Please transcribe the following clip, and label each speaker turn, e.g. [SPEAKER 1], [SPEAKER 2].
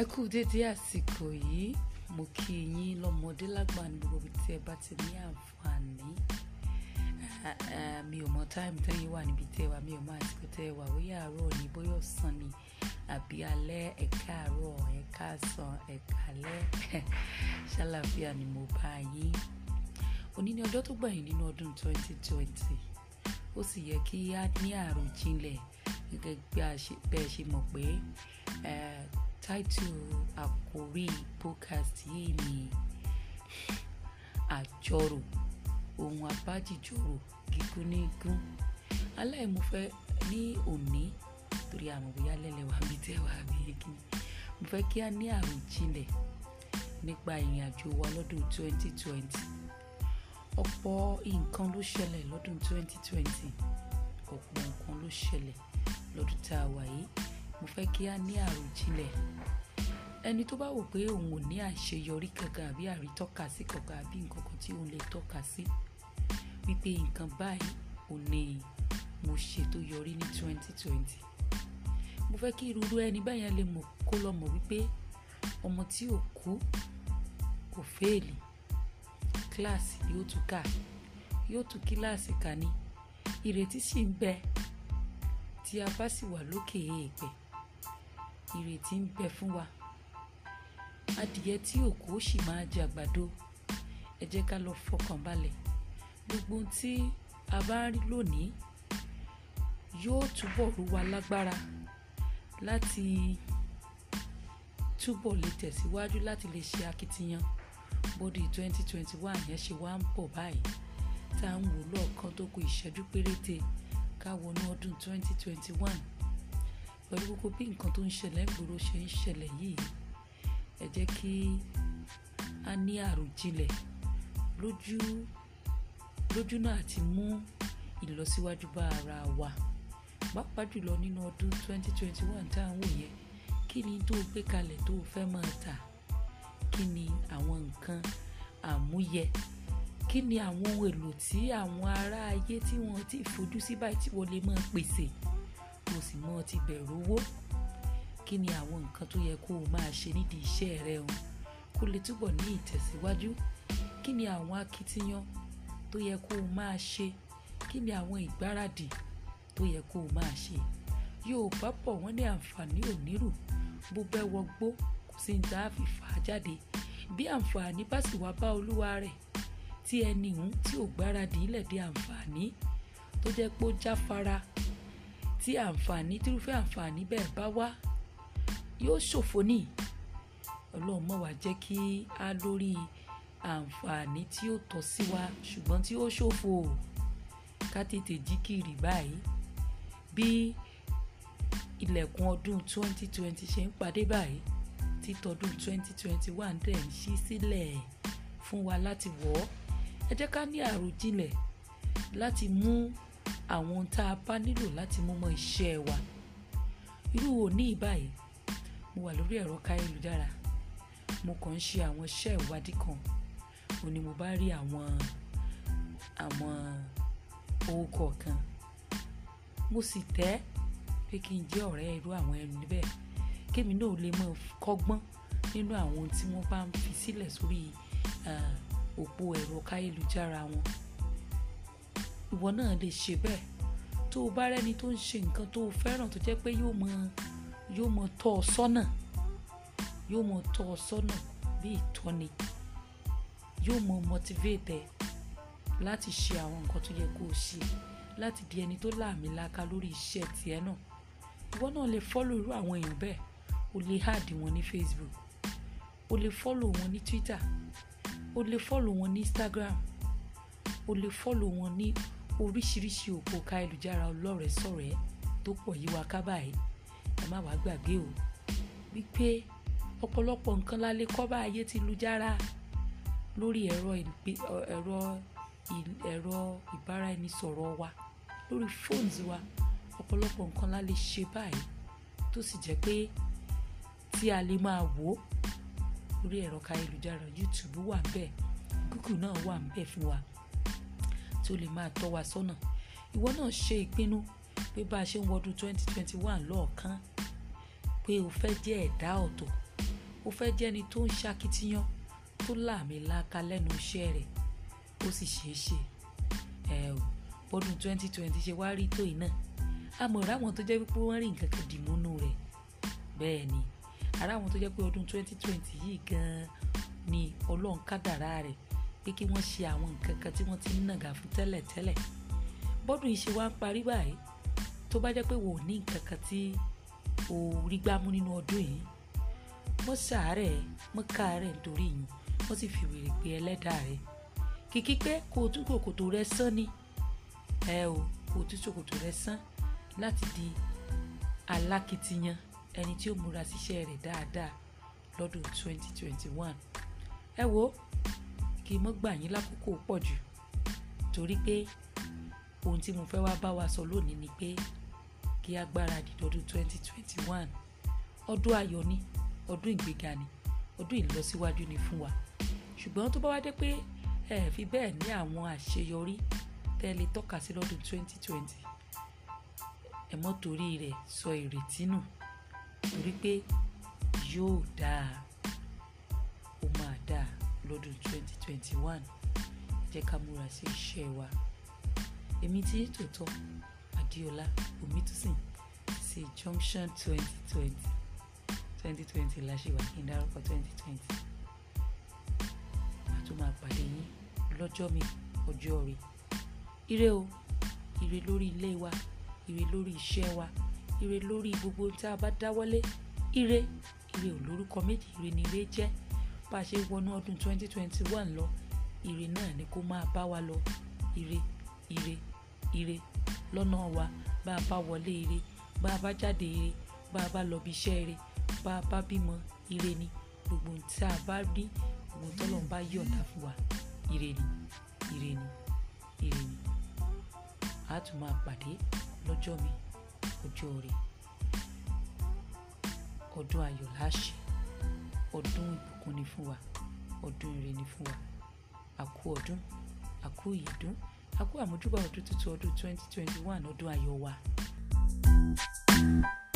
[SPEAKER 1] ẹ kú déédéé àsìkò yìí mo kí yín lọ́mọdé lágbà ní gbogbo ibi tí ẹ bá ti ní àǹfààní mi ò mọ táìmù tẹ́yìn wà níbi tẹ́ wà mi ò mọ àsìkò tẹ́ wà bóyá àárọ̀ ni bóyá ọ̀sán ni àbí alẹ́ ẹ̀ka àárọ̀ ẹ̀ka ọ̀sán ẹ̀ka alẹ́ ṣàlàfíà ni mo bá yín òní ni ọjọ́ tó gbẹ̀yìn nínú ọdún 2020 ó sì yẹ kí a ní àròjinlẹ̀ gẹ́gẹ́ bí a ṣe mọ̀ pé Title àkórí podcast yìí ni àjọrò ohun abájìjọrò gígùn ní gún. Aláìmọ̀fẹ́ ní òní torí àmọ̀ bóyá lẹ́lẹ̀ wá bí tẹ́ wá bí kí ni. Mo fẹ́ kí a ní àròjinlẹ̀ nípa ìrìn àjò wa lọ́dún 2020. Ọ̀pọ̀ nǹkan ló ṣẹlẹ̀ lọ́dún 2020. Ọ̀pọ̀ nǹkan ló ṣẹlẹ̀ lọ́dún tá a wà yìí mo fẹ́ kí a ní àròjinlẹ̀ ẹni tó bá wò pé òun ò ní àṣeyọrí kankan àbí àrítọ́ka sí kankan àbí nǹkan kan tí òun lè tọ́ka sí wípé nǹkan báyìí ò ní mo ṣe tó yọrí ní twenty twenty mo fẹ́ kí irú ẹni báyẹn lè mọ̀ kó lọ mọ̀ wípé ọmọ tí ò kú kò fẹ́ẹ̀lì kíláàsì yóò tún kà yóò tún kíláàsì kà ní ìrètí sì ń bẹ tí a bá sì wà lókè èèpẹ̀ ìrètí ń bẹ fún wa adìyẹ tí òkú ó sì máa jẹ àgbàdo ẹ jẹ́ ká lọ fọkàn balẹ̀ gbogbo ohun tí a bá rí lónìí yóò túbọ̀ rú wa lágbára láti túbọ̀ lè tẹ̀síwájú láti lè ṣe akitiyan bóde 2021 yẹn ṣe wá ń pọ̀ báyìí tá à ń wò lọ́ọ̀kan tó kù ìṣẹ́jú péréte ká wọnú ọdún 2021 pẹ̀lú gbogbo bí nǹkan tó ń ṣẹlẹ̀ gbòòrò ṣe ń ṣẹlẹ̀ yìí ẹ jẹ́ kí a ní àròjinlẹ̀ lójú lójú náà àti mú ìlọsíwájú bá ara wa pàápàá jùlọ nínú ọdún 2021 tá à ń wò yẹn kí ni tó o gbé kalẹ̀ tó o fẹ́ máa tà kí ni àwọn nǹkan àmúyẹ kí ni àwọn ohun èlò tí àwọn ará ayé tí wọ́n ti fojú sí báyìí tí wọ́n lè máa pèsè mo sì mọ ti bẹ̀rù owó kí ni àwọn nǹkan tó yẹ kó o máa ṣe nídìí iṣẹ́ rẹ o kó lè túbọ̀ ní ìtẹ̀síwájú kí ni àwọn akitiyan tó yẹ kó o máa ṣe kí ni àwọn ìgbáradì tó yẹ kó o máa ṣe Yorùbá pọ̀ wọ́n ní àǹfààní onírù bó bẹ́ wọgbó kò sí ní tá a fi fà á jáde bí àǹfààní bá sì wá bá olúwa rẹ̀ tí ẹni hùn tí ò gbáradì ilẹ̀ di àǹfààní tó jẹ́ pé ó jáfara tí àǹfààní tírúfẹ́ àǹfààní bẹ́ẹ̀ bá wá yóò ṣòfò ní ọlọ́run má wá jẹ́ kí á lórí àǹfààní tí ó tọ́ sí wa ṣùgbọ́n tí ó ṣòfò ká tètè jí kiri báyìí bí ilẹ̀kùn ọdún 2020 ṣe ń padé báyìí títọ́dún 2021 dẹ̀ ń ṣí sílẹ̀ fún wa láti wọ̀ ọ́ ẹ jẹ́ ká ní àròjinlẹ̀ láti mú àwọn ohun tá a bá nílò láti mú mọ́ iṣẹ́ wa irú òní báyìí mo wà lórí ẹ̀rọ káyélujára mo kàn ń ṣe àwọn iṣẹ́ ìwádìí kan òní mo bá rí àwọn àwọn orúkọ kan mo sì tẹ́ pé kí n jẹ́ ọ̀rẹ́ irú àwọn ẹni bẹ́ẹ̀ kémi náà lè mọ̀ kọ́gbọ́n nínú àwọn tí wọ́n bá ń fi sílẹ̀ sórí òpó ẹ̀rọ káyélujára wọn ìwọ náà lè ṣe bẹ́ẹ̀ tó o bá rẹ́ni tó ń ṣe nǹkan tó o fẹ́ràn tó jẹ́ pé yóò mọ yóò mọ tọ́ ọ sọ́nà yóò mọ tọ́ ọ sọ́nà bí ìtọ́ni yóò mọ motivate ẹ láti ṣe àwọn nǹkan tó yẹ kó o ṣe láti di ẹni tó láàmìlaka lórí iṣẹ́ tiẹ̀ náà ìwọ náà lè fọ́lò irú àwọn èèyàn bẹ́ẹ̀ o lè add wọn ní Facebook o lè fọ́lò wọn ní Twitter o lè fọ́lò wọn ní Instagram o lè fọ́lò wọn ní oríṣiríṣi òpó ká ìlújára ọlọ́rẹ̀ẹ́ sọ̀rẹ́ tó pọ̀ yí wa ká báyìí ẹ má wàá gbàgbé o wípé ọ̀pọ̀lọpọ̀ nǹkan la lè kọ́ bá ayé ti lújára lórí ẹ̀rọ ẹ̀rọ ẹ̀rọ ìbáraẹnisọ̀rọ̀ wa lórí phones wa ọ̀pọ̀lọpọ̀ nǹkan la lè ṣe báyìí tó sì jẹ́ pé tí a lè máa wò ó lórí ẹ̀rọ káyélujára YouTube wà ń bẹ̀ Google náà wà ń fún wa tó lè máa tọ́ wa sọ́nà ìwọ náà ṣe ìpinnu pé bá a ṣe ń wọdún 2021 lọ́ọ̀kan pé o fẹ́ jẹ́ ẹ̀dá ọ̀tọ̀ o fẹ́ jẹ́ ẹni tó ń ṣakitiyan tó láàmì láka lẹ́nu iṣẹ́ rẹ̀ ó sì ṣeé ṣe ẹ o bọ́dún 2020 ṣe wá rí tó iná àmọ́ ìráwọn tó jẹ́ wípé wọ́n rí nǹkan kan dìmúnú rẹ̀ bẹ́ẹ̀ ni ara àwọn tó jẹ́ pé ọdún 2020 yìí gan-an ni ọlọ́run kádàrá rẹ̀ pé kí wọ́n ṣe àwọn nǹkan kan tí wọ́n ti ń nàgà fún tẹ́lẹ̀ tẹ́lẹ̀ bọ́dún yìí ṣe wá ń parí báyìí tó bá jẹ́ pé wò ní nǹkan kan tí ò rí gbámú nínú ọdún yìí mo ṣàárẹ̀ mo káàárẹ̀ nítorí yìí wọ́n sì fi wèrè pé ẹlẹ́dàá rẹ̀ kìkì pé kò tún kòkòtò rẹ̀ sán ni ẹ o kò tún kòkòtò rẹ̀ sán láti di alákìtìyàn ẹni tí ó múra síṣẹ́ rẹ̀ dáadáa lọ́dún 2021 ẹ wo kí n mọ́ gbà yín lákòókò pọ̀ jù torí pé ohun tí mo fẹ́ wá bá wa sọ lónìí ni pé kí a gbáradì 2021 ọdún ayọ̀ ni ọdún ìgbéga ni ọdún ìlọsíwájú ni fún wa ṣùgbọ́n tó bá wá dé pé ẹ fi bẹ́ẹ̀ ní àwọn àṣeyọrí tẹ́ lè tọ́ka sí lọ́dún 2020 ẹ mọ́ torí rẹ̀ sọ ìrètí nù torí pé yóò dáa lọ́dún 2021 jẹ́ ká múra sí iṣẹ́ wa èmi tí tòótọ́ adéọlá omitosin sí junction 2020 2020 la ṣe wà kí n dárúkọ 2020 màá tún máa pàdé yín lọ́jọ́ mi ọjọ́ rẹ̀ ire o ire lórí ilé wa ire lórí iṣẹ́ wa ire lórí gbogbo tá a bá dáwọ́lé ire ire ò lórúkọ méjì ire ni ire jẹ́ bá a ṣe wọnú ọdún 2021 lọ ire náà ni kó máa bá wa lọ ire ire ire lọ́nà wa bá a bá wọlé ire bá a bá jáde ire bá a bá lọ bí iṣẹ́ ire bá a bá bímọ ire ni gbogbo ohun tí a bá rí gbogbo ohun tọ́lọ́run bá yọ̀ǹda fún wa ire ni ire ni ire ni a tún máa pàdé lọ́jọ́ mi ọjọ́ rẹ̀ ọdún ayọ̀ láṣẹ ọdún ìbùkún ni fún wa ọdún ire ni fún wa àkú ọdún àkú ìyìdún àkú àmójúbà ọdún tuntun ọdún twenty twenty one ọdún ayọ̀ wa. thank you